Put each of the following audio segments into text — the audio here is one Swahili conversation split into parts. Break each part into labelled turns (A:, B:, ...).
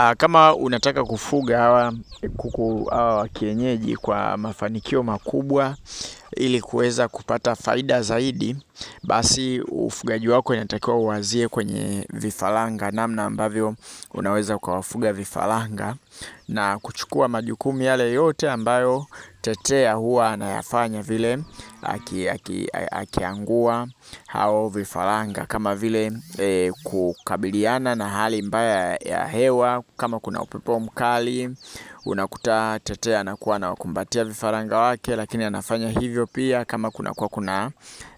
A: Aa, ah, kama unataka kufuga hawa kuku hawa wa kienyeji kwa mafanikio makubwa ili kuweza kupata faida zaidi, basi ufugaji wako inatakiwa uwazie kwenye vifaranga, namna ambavyo unaweza ukawafuga vifaranga na kuchukua majukumu yale yote ambayo tetea huwa anayafanya vile akiangua aki, aki hao vifaranga kama vile e, kukabiliana na hali mbaya ya hewa kama kuna upepo mkali unakuta Tetea anakuwa anawakumbatia vifaranga wake, lakini anafanya hivyo pia kama kunakuwa kuna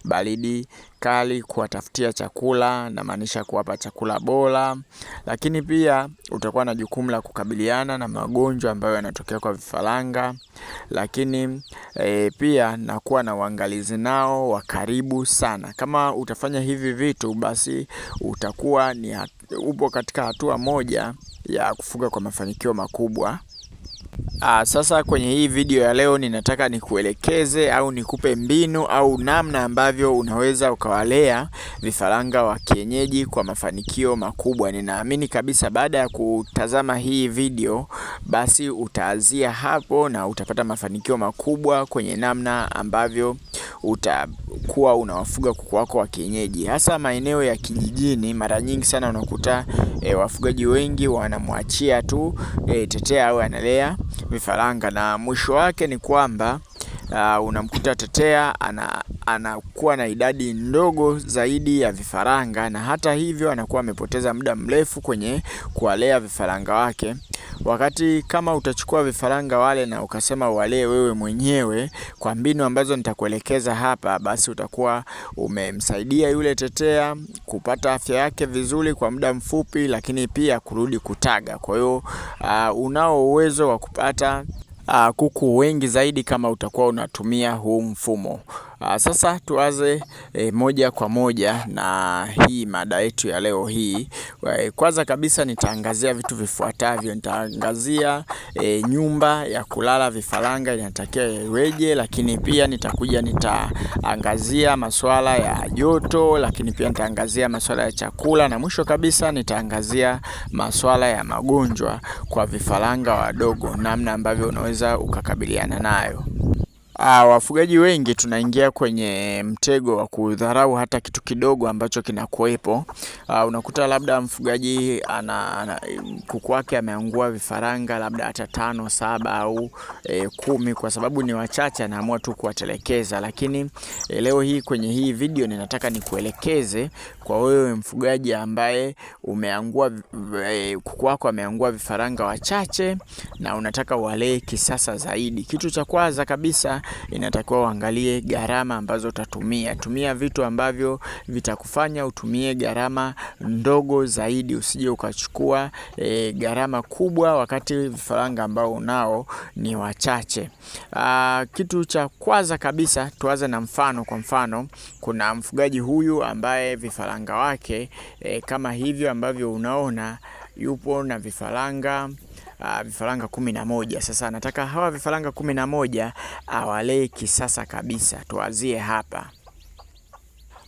A: baridi kali, kuwatafutia chakula, namaanisha kuwapa chakula bora. Lakini pia utakuwa na jukumu la kukabiliana na magonjwa ambayo yanatokea kwa vifaranga, lakini e, pia nakuwa na uangalizi nao wa karibu sana. Kama utafanya hivi vitu, basi utakuwa ni upo katika hatua moja ya kufuga kwa mafanikio makubwa. Aa, ah, sasa kwenye hii video ya leo ninataka nikuelekeze au nikupe mbinu au namna ambavyo unaweza ukawalea vifaranga wa kienyeji kwa mafanikio makubwa. Ninaamini kabisa baada ya kutazama hii video basi utaanzia hapo na utapata mafanikio makubwa kwenye namna ambavyo utakuwa unawafuga kuku wako wa kienyeji, hasa maeneo ya kijijini. Mara nyingi sana unakuta e, wafugaji wengi wanamwachia tu e, tetea au analea vifaranga, na mwisho wake ni kwamba uh, unamkuta tetea ana anakuwa na idadi ndogo zaidi ya vifaranga, na hata hivyo anakuwa amepoteza muda mrefu kwenye kuwalea vifaranga wake. Wakati kama utachukua vifaranga wale na ukasema wale wewe mwenyewe kwa mbinu ambazo nitakuelekeza hapa, basi utakuwa umemsaidia yule tetea kupata afya yake vizuri kwa muda mfupi, lakini pia kurudi kutaga. Kwa hiyo uh, unao uwezo wa kupata uh, kuku wengi zaidi kama utakuwa unatumia huu mfumo. Ah, sasa tuanze eh, moja kwa moja na hii mada yetu ya leo hii. Eh, kwanza kabisa nitaangazia vitu vifuatavyo. Nitaangazia eh, nyumba ya kulala vifaranga inatakiwa iweje, lakini pia nitakuja nitaangazia masuala ya joto, lakini pia nitaangazia masuala ya chakula na mwisho kabisa nitaangazia masuala ya magonjwa kwa vifaranga wadogo, namna ambavyo unaweza ukakabiliana nayo. Ah, wafugaji wengi tunaingia kwenye mtego wa kudharau hata kitu kidogo ambacho kinakuwepo. Ah, unakuta labda mfugaji ana, ana kuku wake ameangua vifaranga labda hata tano saba au e, kumi kwa sababu ni wachache, anaamua tu kuwatelekeza. Lakini e, leo hii kwenye hii video ninataka nikuelekeze kwa wewe mfugaji ambaye umeangua e, kuku wako ameangua vifaranga wachache na unataka walee kisasa zaidi. Kitu cha kwanza kabisa inatakiwa uangalie gharama ambazo utatumia. Tumia vitu ambavyo vitakufanya utumie gharama ndogo zaidi, usije ukachukua e, gharama kubwa wakati vifaranga ambao unao ni wachache. Aa, kitu cha kwanza kabisa tuanze na mfano. Kwa mfano, kuna mfugaji huyu ambaye vifaranga wake e, kama hivyo ambavyo unaona yupo na vifaranga uh, vifaranga kumi na moja. Sasa nataka hawa vifaranga kumi na moja awalee ah, kisasa kabisa. Tuanzie hapa.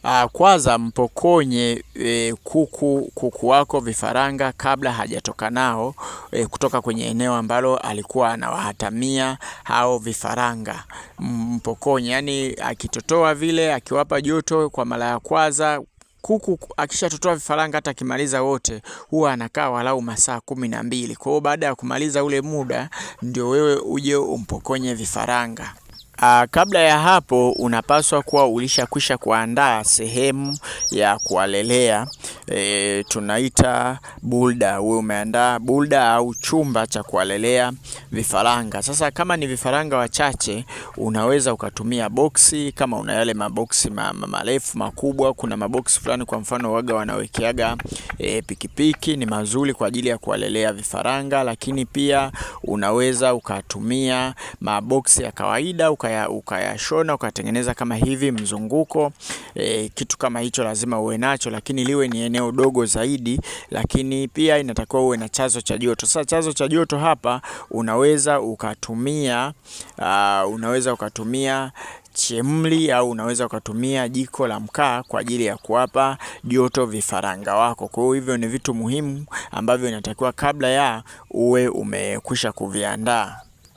A: Uh, kwanza mpokonye e, kuku kuku wako vifaranga kabla hajatoka nao e, kutoka kwenye eneo ambalo alikuwa anawahatamia hao vifaranga. Mpokonye yani akitotoa vile, akiwapa joto kwa mara ya kwanza kuku akishatotoa vifaranga hata akimaliza wote huwa anakaa walau masaa kumi na mbili. Kwa hiyo baada ya kumaliza ule muda ndio wewe uje umpokonye vifaranga. Uh, kabla ya hapo unapaswa kuwa ulishakwisha kuandaa sehemu ya kuwalelea e, tunaita bulda. Wewe umeandaa bulda au chumba cha kuwalelea vifaranga. Sasa kama ni vifaranga wachache, unaweza ukatumia boksi, kama una yale maboksi ma, ma, marefu makubwa. Kuna maboksi fulani, kwa mfano waga wanawekeaga e, pikipiki, ni mazuri kwa ajili ya kuwalelea vifaranga, lakini pia unaweza ukatumia maboksi ya kawaida ukaya, ukayashona ukatengeneza kama hivi mzunguko e, kitu kama hicho lazima uwe nacho, lakini liwe ni eneo dogo zaidi, lakini pia inatakiwa uwe na chazo cha joto. Sasa chazo cha joto hapa unaweza ukatumia uh, unaweza ukatumia chemli au unaweza ukatumia jiko la mkaa kwa ajili ya kuwapa joto vifaranga wako. Kwa hiyo hivyo ni vitu muhimu ambavyo inatakiwa kabla ya uwe umekwisha kuviandaa.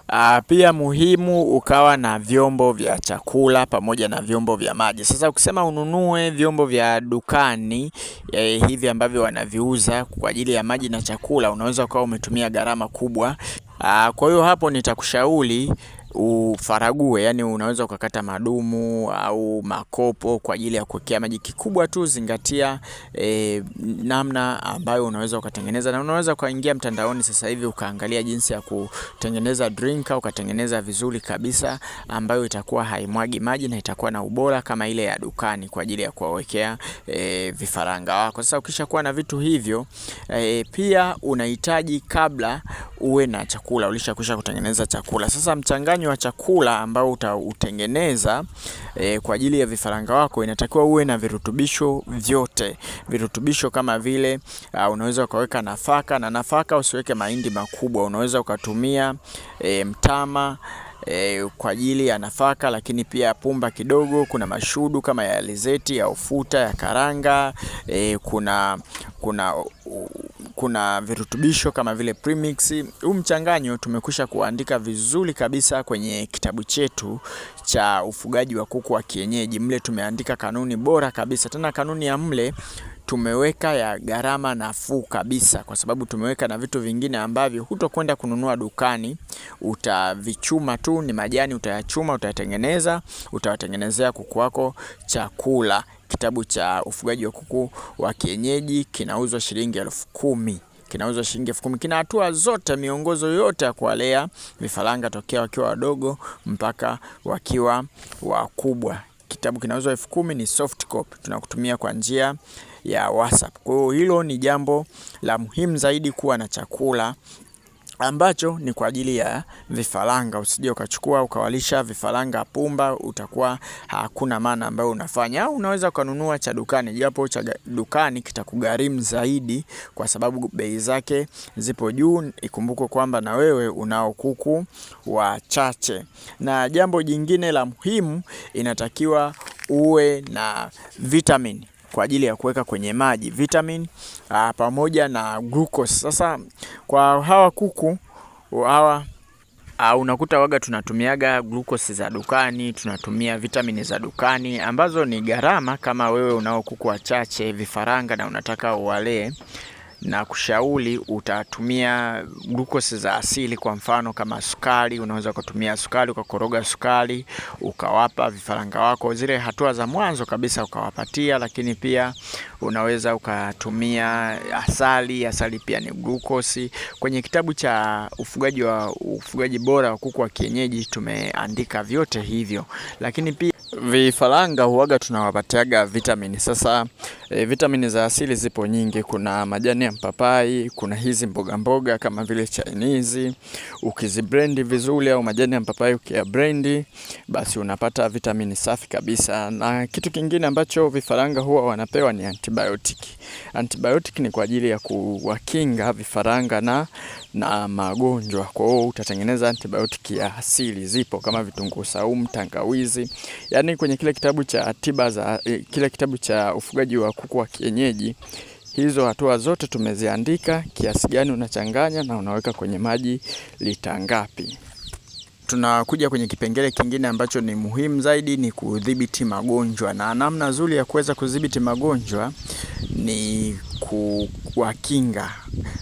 A: Aa, ah, pia muhimu ukawa na vyombo vya chakula pamoja na vyombo vya maji. Sasa ukisema ununue vyombo vya dukani eh, hivi ambavyo wanaviuza kwa ajili ya maji na chakula, unaweza ukawa umetumia gharama kubwa. Aa, ah, kwa hiyo hapo nitakushauri ufarague, yani unaweza ukakata madumu au makopo kwa ajili ya kuwekea maji. Kikubwa tu zingatia e, namna ambayo unaweza ukatengeneza, na unaweza ukaingia mtandaoni sasa hivi ukaangalia jinsi ya kutengeneza drink au ukatengeneza vizuri kabisa, ambayo itakuwa haimwagi maji na itakuwa na ubora kama ile ya dukani kwa ajili ya kuwawekea e, vifaranga wako. Sasa ukishakuwa na vitu hivyo e, pia unahitaji kabla uwe na chakula, ulishakwisha kutengeneza chakula. Sasa mchanganyo wa chakula ambao utautengeneza e, kwa ajili ya vifaranga wako inatakiwa uwe na virutubisho vyote. Virutubisho kama vile uh, unaweza ukaweka nafaka na nafaka, usiweke mahindi makubwa, unaweza ukatumia e, mtama E, kwa ajili ya nafaka, lakini pia pumba kidogo. Kuna mashudu kama ya alizeti, ya ufuta, ya karanga e, kuna kuna kuna virutubisho kama vile premix. Huu mchanganyo tumekwisha kuandika vizuri kabisa kwenye kitabu chetu cha ufugaji wa kuku wa kienyeji. Mle tumeandika kanuni bora kabisa, tena kanuni ya mle tumeweka ya gharama nafuu kabisa, kwa sababu tumeweka na vitu vingine ambavyo hutokwenda kununua dukani. Utavichuma tu, ni majani utayachuma, utayatengeneza, utawatengenezea kuku wako chakula. Kitabu cha ufugaji wa kuku wa kienyeji kinauzwa shilingi elfu kumi kinauzwa shilingi elfu kumi kina hatua zote, miongozo yote ya kuwalea vifaranga tokea wakiwa wadogo mpaka wakiwa wakubwa. Kitabu kinauzwa elfu kumi ni soft copy, tunakutumia kwa njia ya WhatsApp. Kwa hiyo hilo ni jambo la muhimu zaidi, kuwa na chakula ambacho ni kwa ajili ya vifaranga. Usije ukachukua ukawalisha vifaranga pumba, utakuwa hakuna maana ambayo unafanya. Au unaweza ukanunua cha dukani, japo cha dukani kitakugharimu zaidi, kwa sababu bei zake zipo juu. Ikumbukwe kwamba na wewe unao kuku wachache. Na jambo jingine la muhimu, inatakiwa uwe na vitamini kwa ajili ya kuweka kwenye maji, vitamin aa, ah, pamoja na glucose. Sasa kwa hawa kuku hawa Uh, unakuta waga tunatumiaga glucose za dukani, tunatumia vitamini za dukani ambazo ni gharama. Kama wewe unao kuku wachache vifaranga na unataka uwalee na kushauri utatumia glucose za asili. Kwa mfano kama sukari, unaweza ukatumia sukari, ukakoroga sukari, ukawapa vifaranga wako zile hatua za mwanzo kabisa ukawapatia. Lakini pia unaweza ukatumia asali. Asali pia ni glucose. Kwenye kitabu cha ufugaji wa ufugaji bora wa kuku wa kienyeji tumeandika vyote hivyo, lakini pia Vifaranga huaga tunawapatiaga vitamini. Sasa e, vitamini za asili zipo nyingi, kuna majani ya mpapai, kuna hizi mboga mboga kama vile Chinese, ukizibrendi vizuri au majani ya mpapai ukiyabrendi, basi unapata vitamini safi kabisa. Na kitu kingine ambacho vifaranga huwa wanapewa ni antibiotic. Antibiotic ni kwa ajili ya kuwakinga vifaranga na na magonjwa. Kwa hiyo utatengeneza antibiotic ya asili, zipo kama vitunguu saumu, tangawizi yani Nadhani kwenye kile kitabu cha tiba za eh, kile kitabu cha ufugaji wa kuku wa kienyeji hizo hatua zote tumeziandika, kiasi gani unachanganya na unaweka kwenye maji lita ngapi. Tunakuja kwenye kipengele kingine ambacho ni muhimu zaidi, ni kudhibiti magonjwa, na namna nzuri ya kuweza kudhibiti magonjwa ni kuwakinga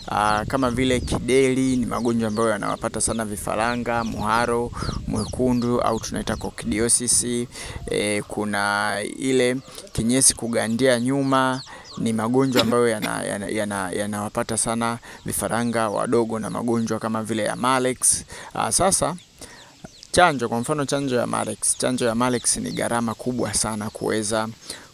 A: Aa, ah, kama vile kideli ni magonjwa ambayo yanawapata sana vifaranga, muharo mwekundu au tunaita kokidiosis. E, eh, kuna ile kinyesi kugandia nyuma ni magonjwa ambayo yanawapata yana, yana, yana sana vifaranga wadogo na magonjwa kama vile ya Malex. Aa, ah, sasa chanjo kwa mfano chanjo ya Malex, chanjo ya Malex ni gharama kubwa sana kuweza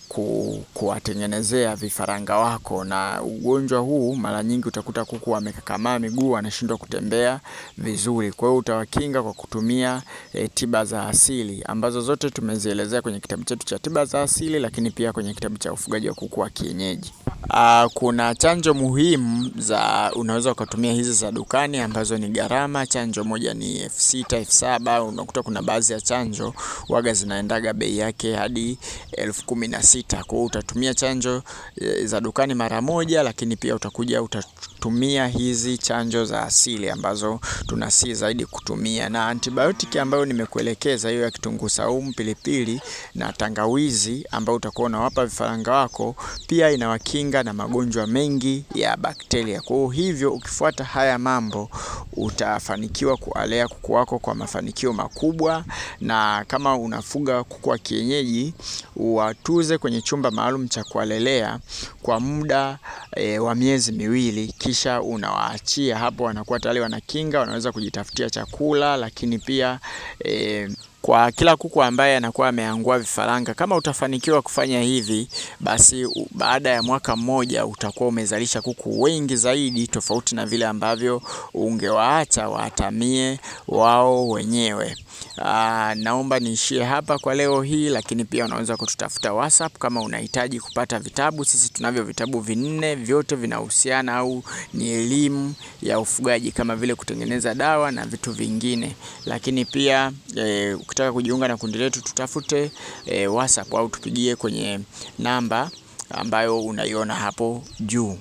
A: ku, kuwatengenezea vifaranga wako. Na ugonjwa huu mara nyingi utakuta kuku wamekakamaa miguu, wanashindwa kutembea vizuri. Kwa hiyo utawakinga kwa kutumia e, tiba za asili ambazo zote tumezielezea kwenye kitabu chetu cha tiba za asili, lakini pia kwenye kitabu cha ufugaji wa kuku wa kienyeji. Uh, kuna chanjo muhimu za unaweza ukatumia hizi za dukani ambazo ni gharama. Chanjo moja ni elfu sita elfu saba Unakuta kuna baadhi ya chanjo waga zinaendaga bei yake hadi elfu kumi na sita Kwa hiyo utatumia chanjo eh, za dukani mara moja, lakini pia utakuja uta kutumia hizi chanjo za asili ambazo tunasii zaidi kutumia, na antibiotiki ambayo nimekuelekeza hiyo ya kitunguu saumu, pilipili na tangawizi ambayo utakuwa unawapa vifaranga wako, pia inawakinga na magonjwa mengi ya bakteria. Kwa hivyo ukifuata haya mambo utafanikiwa kualea kuku wako kwa mafanikio makubwa. Na kama unafuga kuku wa kienyeji, uwatuze kwenye chumba maalum cha kuwalelea kwa muda e, wa miezi miwili kisha unawaachia hapo, wanakuwa tayari wanakinga, wanaweza kujitafutia chakula, lakini pia e, kwa kila kuku ambaye anakuwa ameangua vifaranga, kama utafanikiwa kufanya hivi, basi baada ya mwaka mmoja utakuwa umezalisha kuku wengi zaidi, tofauti na vile ambavyo ungewaacha waatamie wao wenyewe. Aa, ah, naomba niishie hapa kwa leo hii, lakini pia unaweza kututafuta WhatsApp kama unahitaji kupata vitabu. Sisi tunavyo vitabu vinne, vyote vinahusiana au ni elimu ya ufugaji kama vile kutengeneza dawa na vitu vingine. Lakini pia e, ukitaka kujiunga na kundi letu tutafute e, WhatsApp au tupigie kwenye namba ambayo unaiona hapo juu.